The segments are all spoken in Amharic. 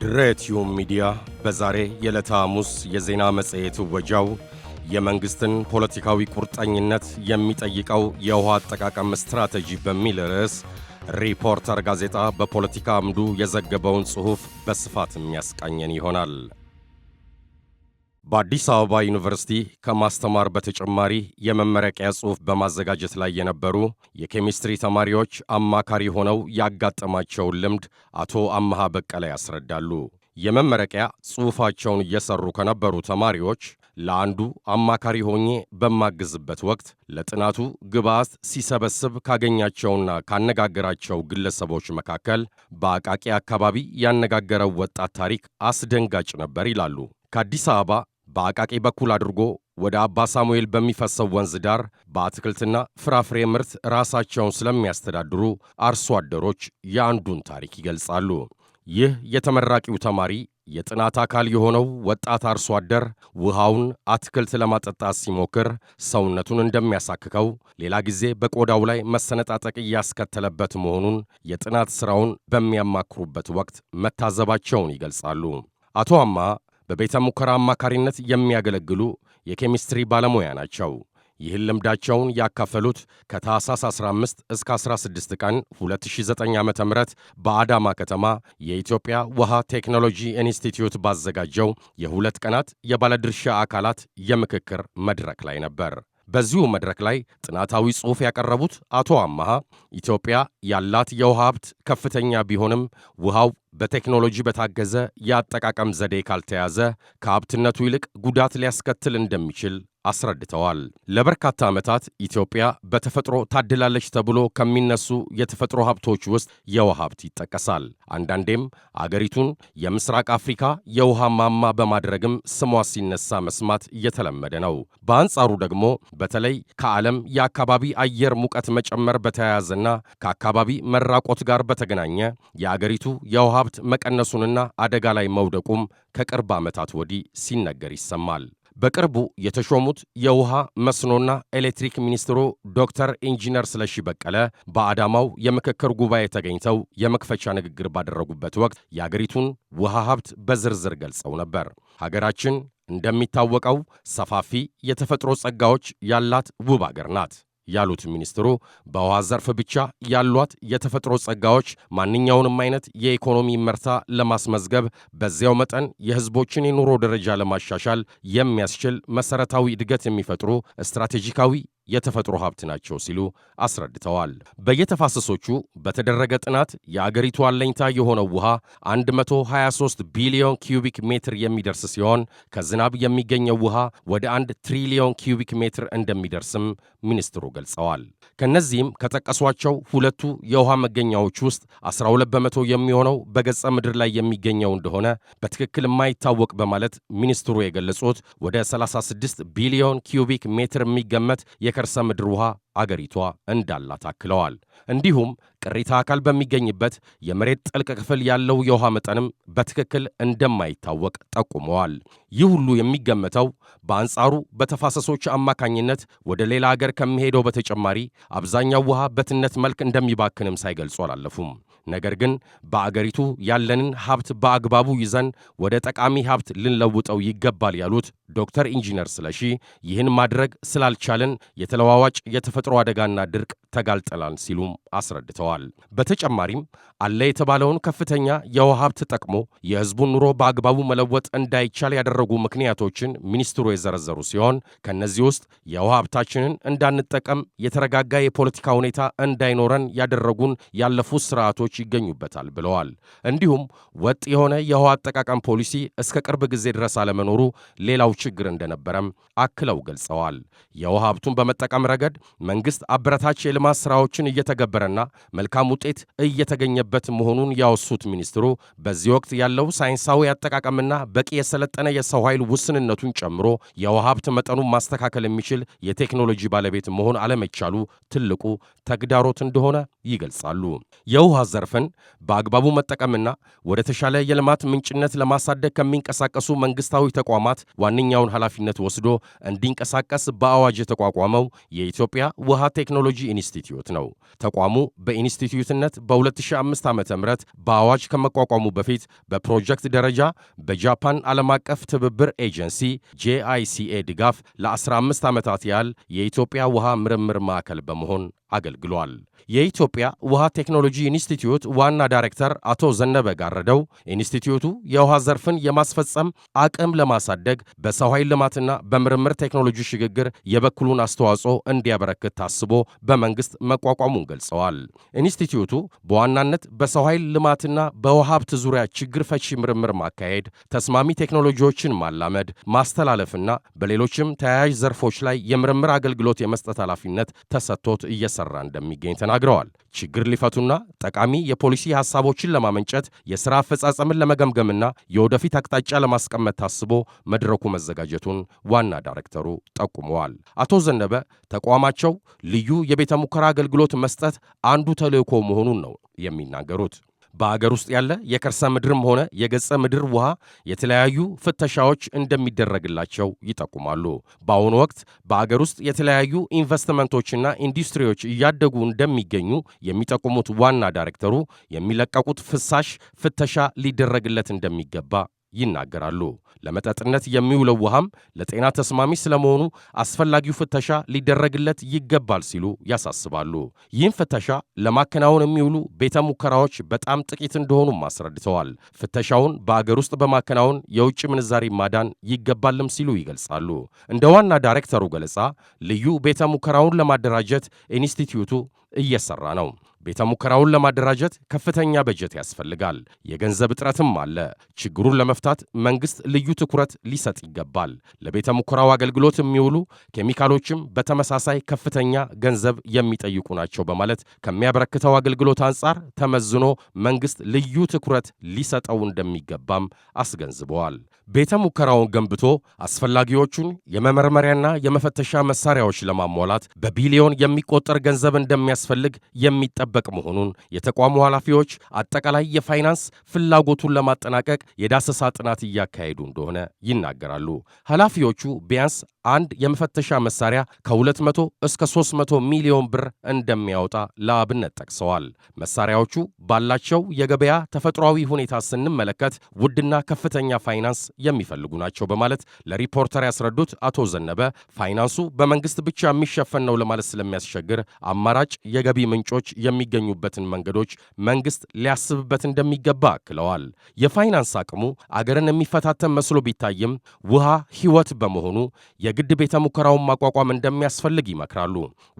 ድሬትዩብ ሚዲያ በዛሬ የዕለተ ሐሙስ የዜና መጽሔት ወጃው የመንግሥትን ፖለቲካዊ ቁርጠኝነት የሚጠይቀው የውሃ አጠቃቀም ስትራቴጂ በሚል ርዕስ ሪፖርተር ጋዜጣ በፖለቲካ አምዱ የዘገበውን ጽሑፍ በስፋት የሚያስቃኘን ይሆናል። በአዲስ አበባ ዩኒቨርሲቲ ከማስተማር በተጨማሪ የመመረቂያ ጽሑፍ በማዘጋጀት ላይ የነበሩ የኬሚስትሪ ተማሪዎች አማካሪ ሆነው ያጋጠማቸውን ልምድ አቶ አመሃ በቀለ ያስረዳሉ። የመመረቂያ ጽሑፋቸውን እየሰሩ ከነበሩ ተማሪዎች ለአንዱ አማካሪ ሆኜ በማግዝበት ወቅት ለጥናቱ ግብዓት ሲሰበስብ ካገኛቸውና ካነጋገራቸው ግለሰቦች መካከል በአቃቂ አካባቢ ያነጋገረው ወጣት ታሪክ አስደንጋጭ ነበር ይላሉ። ከአዲስ አበባ በአቃቄ በኩል አድርጎ ወደ አባ ሳሙኤል በሚፈሰው ወንዝ ዳር በአትክልትና ፍራፍሬ ምርት ራሳቸውን ስለሚያስተዳድሩ አርሶ አደሮች የአንዱን ታሪክ ይገልጻሉ። ይህ የተመራቂው ተማሪ የጥናት አካል የሆነው ወጣት አርሶ አደር ውሃውን አትክልት ለማጠጣት ሲሞክር ሰውነቱን እንደሚያሳክከው፣ ሌላ ጊዜ በቆዳው ላይ መሰነጣጠቅ እያስከተለበት መሆኑን የጥናት ሥራውን በሚያማክሩበት ወቅት መታዘባቸውን ይገልጻሉ። አቶ አማ በቤተ ሙከራ አማካሪነት የሚያገለግሉ የኬሚስትሪ ባለሙያ ናቸው። ይህን ልምዳቸውን ያካፈሉት ከታህሳስ 15 እስከ 16 ቀን 2009 ዓ ም በአዳማ ከተማ የኢትዮጵያ ውሃ ቴክኖሎጂ ኢንስቲትዩት ባዘጋጀው የሁለት ቀናት የባለድርሻ አካላት የምክክር መድረክ ላይ ነበር። በዚሁ መድረክ ላይ ጥናታዊ ጽሑፍ ያቀረቡት አቶ አመሃ ኢትዮጵያ ያላት የውሃ ሀብት ከፍተኛ ቢሆንም ውሃው በቴክኖሎጂ በታገዘ የአጠቃቀም ዘዴ ካልተያዘ ከሀብትነቱ ይልቅ ጉዳት ሊያስከትል እንደሚችል አስረድተዋል። ለበርካታ ዓመታት ኢትዮጵያ በተፈጥሮ ታድላለች ተብሎ ከሚነሱ የተፈጥሮ ሀብቶች ውስጥ የውሃ ሀብት ይጠቀሳል። አንዳንዴም አገሪቱን የምስራቅ አፍሪካ የውሃ ማማ በማድረግም ስሟ ሲነሳ መስማት እየተለመደ ነው። በአንጻሩ ደግሞ በተለይ ከዓለም የአካባቢ አየር ሙቀት መጨመር በተያያዘና ከአካባቢ መራቆት ጋር በተገናኘ የአገሪቱ የውሃ ሀብት መቀነሱንና አደጋ ላይ መውደቁም ከቅርብ ዓመታት ወዲህ ሲነገር ይሰማል። በቅርቡ የተሾሙት የውሃ መስኖና ኤሌክትሪክ ሚኒስትሩ ዶክተር ኢንጂነር ስለሺ በቀለ በአዳማው የምክክር ጉባኤ ተገኝተው የመክፈቻ ንግግር ባደረጉበት ወቅት የአገሪቱን ውሃ ሀብት በዝርዝር ገልጸው ነበር። ሀገራችን እንደሚታወቀው ሰፋፊ የተፈጥሮ ጸጋዎች ያላት ውብ አገር ናት። ያሉት ሚኒስትሩ በውሃ ዘርፍ ብቻ ያሏት የተፈጥሮ ጸጋዎች ማንኛውንም አይነት የኢኮኖሚ መርታ ለማስመዝገብ በዚያው መጠን የሕዝቦችን የኑሮ ደረጃ ለማሻሻል የሚያስችል መሰረታዊ እድገት የሚፈጥሩ ስትራቴጂካዊ የተፈጥሮ ሀብት ናቸው ሲሉ አስረድተዋል። በየተፋሰሶቹ በተደረገ ጥናት የአገሪቱ አለኝታ የሆነው ውሃ 123 ቢሊዮን ኪዩቢክ ሜትር የሚደርስ ሲሆን ከዝናብ የሚገኘው ውሃ ወደ 1 ትሪሊዮን ኪዩቢክ ሜትር እንደሚደርስም ሚኒስትሩ ገልጸዋል። ከእነዚህም ከጠቀሷቸው ሁለቱ የውሃ መገኛዎች ውስጥ 12 በመቶ የሚሆነው በገጸ ምድር ላይ የሚገኘው እንደሆነ በትክክል የማይታወቅ በማለት ሚኒስትሩ የገለጹት ወደ 36 ቢሊዮን ኪዩቢክ ሜትር የሚገመት የከርሰ ምድር ውሃ አገሪቷ እንዳላት አክለዋል። እንዲሁም ቅሪታ አካል በሚገኝበት የመሬት ጥልቅ ክፍል ያለው የውሃ መጠንም በትክክል እንደማይታወቅ ጠቁመዋል። ይህ ሁሉ የሚገመተው በአንጻሩ በተፋሰሶች አማካኝነት ወደ ሌላ አገር ከሚሄደው በተጨማሪ አብዛኛው ውሃ በትነት መልክ እንደሚባክንም ሳይገልጹ አላለፉም። ነገር ግን በአገሪቱ ያለንን ሀብት በአግባቡ ይዘን ወደ ጠቃሚ ሀብት ልንለውጠው ይገባል ያሉት ዶክተር ኢንጂነር ስለሺ ይህን ማድረግ ስላልቻለን የተለዋዋጭ የተፈጥሮ አደጋና ድርቅ ተጋልጠላል ሲሉም አስረድተዋል። በተጨማሪም አለ የተባለውን ከፍተኛ የውሃ ሀብት ጠቅሞ የሕዝቡን ኑሮ በአግባቡ መለወጥ እንዳይቻል ያደረጉ ምክንያቶችን ሚኒስትሩ የዘረዘሩ ሲሆን ከእነዚህ ውስጥ የውሃ ሀብታችንን እንዳንጠቀም የተረጋጋ የፖለቲካ ሁኔታ እንዳይኖረን ያደረጉን ያለፉት ስርዓቶች ይገኙበታል ብለዋል። እንዲሁም ወጥ የሆነ የውሃ አጠቃቀም ፖሊሲ እስከ ቅርብ ጊዜ ድረስ አለመኖሩ ሌላው ችግር እንደነበረም አክለው ገልጸዋል። የውሃ ሀብቱን በመጠቀም ረገድ መንግሥት አበረታች የልማት ሥራዎችን እየተገበረና መልካም ውጤት እየተገኘበት መሆኑን ያወሱት ሚኒስትሩ በዚህ ወቅት ያለው ሳይንሳዊ አጠቃቀምና በቂ የሰለጠነ የሰው ኃይል ውስንነቱን ጨምሮ የውሃ ሀብት መጠኑን ማስተካከል የሚችል የቴክኖሎጂ ባለቤት መሆን አለመቻሉ ትልቁ ተግዳሮት እንደሆነ ይገልጻሉ። የውሃ ዘርፍ ዘርፍን በአግባቡ መጠቀምና ወደ ተሻለ የልማት ምንጭነት ለማሳደግ ከሚንቀሳቀሱ መንግስታዊ ተቋማት ዋነኛውን ኃላፊነት ወስዶ እንዲንቀሳቀስ በአዋጅ የተቋቋመው የኢትዮጵያ ውሃ ቴክኖሎጂ ኢንስቲትዩት ነው። ተቋሙ በኢንስቲትዩትነት በ2005 ዓ ም በአዋጅ ከመቋቋሙ በፊት በፕሮጀክት ደረጃ በጃፓን ዓለም አቀፍ ትብብር ኤጀንሲ ጄአይሲኤ ድጋፍ ለ15 ዓመታት ያህል የኢትዮጵያ ውሃ ምርምር ማዕከል በመሆን አገልግሏል። የኢትዮጵያ ውሃ ቴክኖሎጂ ኢንስቲትዩት ዋና ዳይሬክተር አቶ ዘነበ ጋረደው ኢንስቲትዩቱ የውሃ ዘርፍን የማስፈጸም አቅም ለማሳደግ በሰው ኃይል ልማትና በምርምር ቴክኖሎጂ ሽግግር የበኩሉን አስተዋጽኦ እንዲያበረክት ታስቦ በመንግስት መቋቋሙን ገልጸዋል። ኢንስቲትዩቱ በዋናነት በሰው ኃይል ልማትና በውሃ ሀብት ዙሪያ ችግር ፈቺ ምርምር ማካሄድ፣ ተስማሚ ቴክኖሎጂዎችን ማላመድ፣ ማስተላለፍና በሌሎችም ተያያዥ ዘርፎች ላይ የምርምር አገልግሎት የመስጠት ኃላፊነት ተሰጥቶት እየሰ እየተሰራ እንደሚገኝ ተናግረዋል። ችግር ሊፈቱና ጠቃሚ የፖሊሲ ሀሳቦችን ለማመንጨት የሥራ አፈጻጸምን ለመገምገምና የወደፊት አቅጣጫ ለማስቀመጥ ታስቦ መድረኩ መዘጋጀቱን ዋና ዳይሬክተሩ ጠቁመዋል። አቶ ዘነበ ተቋማቸው ልዩ የቤተ ሙከራ አገልግሎት መስጠት አንዱ ተልዕኮ መሆኑን ነው የሚናገሩት። በአገር ውስጥ ያለ የከርሰ ምድርም ሆነ የገጸ ምድር ውሃ የተለያዩ ፍተሻዎች እንደሚደረግላቸው ይጠቁማሉ። በአሁኑ ወቅት በአገር ውስጥ የተለያዩ ኢንቨስትመንቶችና ኢንዱስትሪዎች እያደጉ እንደሚገኙ የሚጠቁሙት ዋና ዳይሬክተሩ የሚለቀቁት ፍሳሽ ፍተሻ ሊደረግለት እንደሚገባ ይናገራሉ። ለመጠጥነት የሚውለው ውሃም ለጤና ተስማሚ ስለመሆኑ አስፈላጊው ፍተሻ ሊደረግለት ይገባል ሲሉ ያሳስባሉ። ይህም ፍተሻ ለማከናወን የሚውሉ ቤተ ሙከራዎች በጣም ጥቂት እንደሆኑም አስረድተዋል። ፍተሻውን በአገር ውስጥ በማከናወን የውጭ ምንዛሪ ማዳን ይገባልም ሲሉ ይገልጻሉ። እንደ ዋና ዳይሬክተሩ ገለጻ ልዩ ቤተ ሙከራውን ለማደራጀት ኢንስቲትዩቱ እየሰራ ነው። ቤተ ሙከራውን ለማደራጀት ከፍተኛ በጀት ያስፈልጋል። የገንዘብ እጥረትም አለ። ችግሩን ለመፍታት መንግሥት ልዩ ትኩረት ሊሰጥ ይገባል። ለቤተ ሙከራው አገልግሎት የሚውሉ ኬሚካሎችም በተመሳሳይ ከፍተኛ ገንዘብ የሚጠይቁ ናቸው በማለት ከሚያበረክተው አገልግሎት አንጻር ተመዝኖ መንግሥት ልዩ ትኩረት ሊሰጠው እንደሚገባም አስገንዝበዋል። ቤተ ሙከራውን ገንብቶ አስፈላጊዎቹን የመመርመሪያና የመፈተሻ መሳሪያዎች ለማሟላት በቢሊዮን የሚቆጠር ገንዘብ እንደሚያ እንደሚያስፈልግ የሚጠበቅ መሆኑን የተቋሙ ኃላፊዎች አጠቃላይ የፋይናንስ ፍላጎቱን ለማጠናቀቅ የዳሰሳ ጥናት እያካሄዱ እንደሆነ ይናገራሉ። ኃላፊዎቹ ቢያንስ አንድ የመፈተሻ መሳሪያ ከ200 እስከ 300 ሚሊዮን ብር እንደሚያወጣ ለአብነት ጠቅሰዋል። መሳሪያዎቹ ባላቸው የገበያ ተፈጥሯዊ ሁኔታ ስንመለከት ውድና ከፍተኛ ፋይናንስ የሚፈልጉ ናቸው በማለት ለሪፖርተር ያስረዱት አቶ ዘነበ ፋይናንሱ በመንግስት ብቻ የሚሸፈን ነው ለማለት ስለሚያስቸግር አማራጭ የገቢ ምንጮች የሚገኙበትን መንገዶች መንግስት ሊያስብበት እንደሚገባ አክለዋል። የፋይናንስ አቅሙ አገርን የሚፈታተን መስሎ ቢታይም ውሃ ሕይወት በመሆኑ የግድ ቤተ ሙከራውን ማቋቋም እንደሚያስፈልግ ይመክራሉ።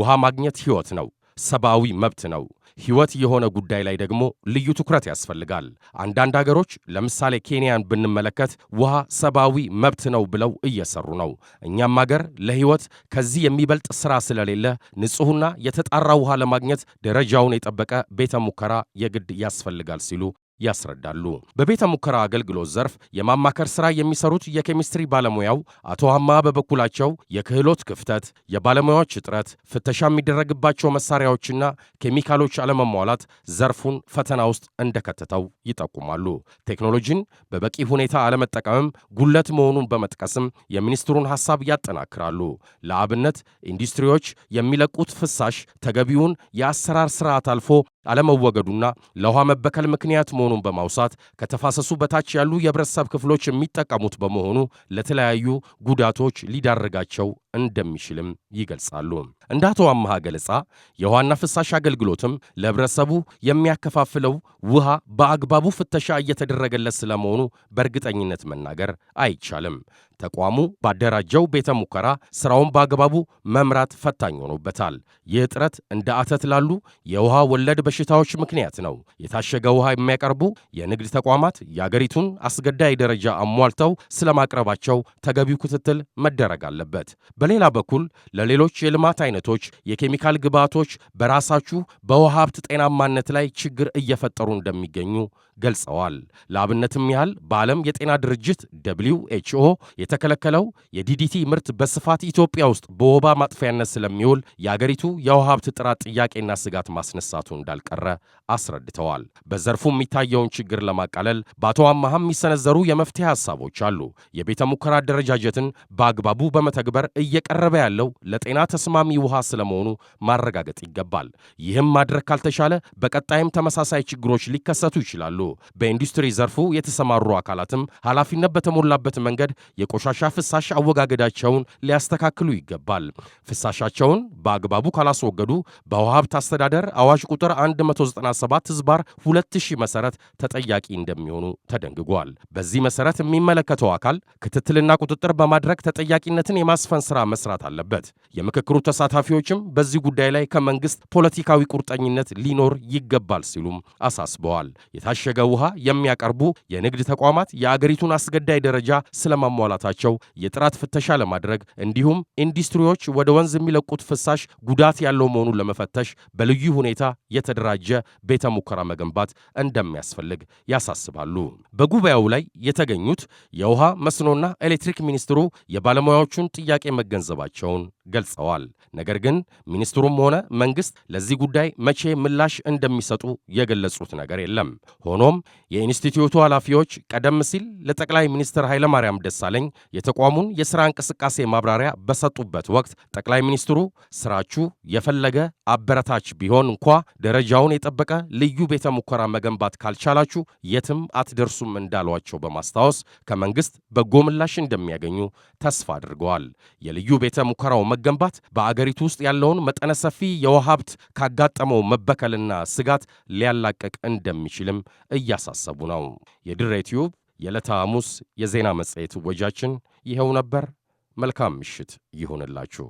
ውሃ ማግኘት ሕይወት ነው። ሰብአዊ መብት ነው። ሕይወት የሆነ ጉዳይ ላይ ደግሞ ልዩ ትኩረት ያስፈልጋል። አንዳንድ አገሮች ለምሳሌ ኬንያን ብንመለከት ውሃ ሰብአዊ መብት ነው ብለው እየሰሩ ነው። እኛም አገር ለሕይወት ከዚህ የሚበልጥ ሥራ ስለሌለ ንጹሕና የተጣራ ውሃ ለማግኘት ደረጃውን የጠበቀ ቤተ ሙከራ የግድ ያስፈልጋል ሲሉ ያስረዳሉ። በቤተ ሙከራ አገልግሎት ዘርፍ የማማከር ስራ የሚሰሩት የኬሚስትሪ ባለሙያው አቶ አማ በበኩላቸው የክህሎት ክፍተት፣ የባለሙያዎች እጥረት፣ ፍተሻ የሚደረግባቸው መሳሪያዎችና ኬሚካሎች አለመሟላት ዘርፉን ፈተና ውስጥ እንደከተተው ይጠቁማሉ። ቴክኖሎጂን በበቂ ሁኔታ አለመጠቀምም ጉለት መሆኑን በመጥቀስም የሚኒስትሩን ሐሳብ ያጠናክራሉ። ለአብነት ኢንዱስትሪዎች የሚለቁት ፍሳሽ ተገቢውን የአሰራር ስርዓት አልፎ አለመወገዱና ለውሃ መበከል ምክንያት መሆኑን በማውሳት ከተፋሰሱ በታች ያሉ የህብረተሰብ ክፍሎች የሚጠቀሙት በመሆኑ ለተለያዩ ጉዳቶች ሊዳርጋቸው እንደሚችልም ይገልጻሉ። እንደ አቶ አመሃ ገለጻ የውሃና ፍሳሽ አገልግሎትም ለህብረተሰቡ የሚያከፋፍለው ውሃ በአግባቡ ፍተሻ እየተደረገለት ስለመሆኑ በእርግጠኝነት መናገር አይቻልም። ተቋሙ ባደራጀው ቤተ ሙከራ ስራውን በአግባቡ መምራት ፈታኝ ሆኖበታል። ይህ እጥረት እንደ አተት ላሉ የውሃ ወለድ በሽታዎች ምክንያት ነው። የታሸገ ውሃ የሚያቀርቡ የንግድ ተቋማት የአገሪቱን አስገዳይ ደረጃ አሟልተው ስለማቅረባቸው ተገቢው ክትትል መደረግ አለበት። በሌላ በኩል ለሌሎች የልማት አይነቶች የኬሚካል ግብዓቶች በራሳችሁ በውሃ ሀብት ጤናማነት ላይ ችግር እየፈጠሩ እንደሚገኙ ገልጸዋል። ለአብነትም ያህል በዓለም የጤና ድርጅት ደብሊው ኤችኦ የተከለከለው የዲዲቲ ምርት በስፋት ኢትዮጵያ ውስጥ በወባ ማጥፊያነት ስለሚውል የአገሪቱ የውሃ ሀብት ጥራት ጥያቄና ስጋት ማስነሳቱ እንዳልቀረ አስረድተዋል። በዘርፉ የሚታየውን ችግር ለማቃለል በአቶ አመሃ የሚሰነዘሩ የመፍትሄ ሀሳቦች አሉ። የቤተ ሙከራ አደረጃጀትን በአግባቡ በመተግበር እየቀረበ ያለው ለጤና ተስማሚ ውሃ ስለመሆኑ ማረጋገጥ ይገባል። ይህም ማድረግ ካልተቻለ በቀጣይም ተመሳሳይ ችግሮች ሊከሰቱ ይችላሉ በኢንዱስትሪ ዘርፉ የተሰማሩ አካላትም ኃላፊነት በተሞላበት መንገድ የቆሻሻ ፍሳሽ አወጋገዳቸውን ሊያስተካክሉ ይገባል። ፍሳሻቸውን በአግባቡ ካላስወገዱ በውሃ ሀብት አስተዳደር አዋጅ ቁጥር 197 ህዝባር 2000 መሰረት ተጠያቂ እንደሚሆኑ ተደንግጓል። በዚህ መሰረት የሚመለከተው አካል ክትትልና ቁጥጥር በማድረግ ተጠያቂነትን የማስፈን ስራ መስራት አለበት። የምክክሩ ተሳታፊዎችም በዚህ ጉዳይ ላይ ከመንግስት ፖለቲካዊ ቁርጠኝነት ሊኖር ይገባል ሲሉም አሳስበዋል። የታሸ የታሸገ ውሃ የሚያቀርቡ የንግድ ተቋማት የአገሪቱን አስገዳይ ደረጃ ስለማሟላታቸው የጥራት ፍተሻ ለማድረግ እንዲሁም ኢንዱስትሪዎች ወደ ወንዝ የሚለቁት ፍሳሽ ጉዳት ያለው መሆኑን ለመፈተሽ በልዩ ሁኔታ የተደራጀ ቤተ ሙከራ መገንባት እንደሚያስፈልግ ያሳስባሉ። በጉባኤው ላይ የተገኙት የውሃ መስኖና ኤሌክትሪክ ሚኒስትሩ የባለሙያዎቹን ጥያቄ መገንዘባቸውን ገልጸዋል። ነገር ግን ሚኒስትሩም ሆነ መንግስት ለዚህ ጉዳይ መቼ ምላሽ እንደሚሰጡ የገለጹት ነገር የለም። ሆኖም የኢንስቲትዩቱ ኃላፊዎች ቀደም ሲል ለጠቅላይ ሚኒስትር ኃይለማርያም ደሳለኝ የተቋሙን የሥራ እንቅስቃሴ ማብራሪያ በሰጡበት ወቅት ጠቅላይ ሚኒስትሩ ስራችሁ የፈለገ አበረታች ቢሆን እንኳ ደረጃውን የጠበቀ ልዩ ቤተ ሙከራ መገንባት ካልቻላችሁ የትም አትደርሱም እንዳሏቸው በማስታወስ ከመንግስት በጎ ምላሽ እንደሚያገኙ ተስፋ አድርገዋል። የልዩ ቤተ ሙከራው መገንባት በአገሪቱ ውስጥ ያለውን መጠነ ሰፊ የውሃ ሀብት ካጋጠመው መበከልና ስጋት ሊያላቀቅ እንደሚችልም እያሳሰቡ ነው። የድሬ ቲዩብ የዕለተ ሐሙስ የዜና መጽሔት ወጃችን ይኸው ነበር። መልካም ምሽት ይሁንላችሁ።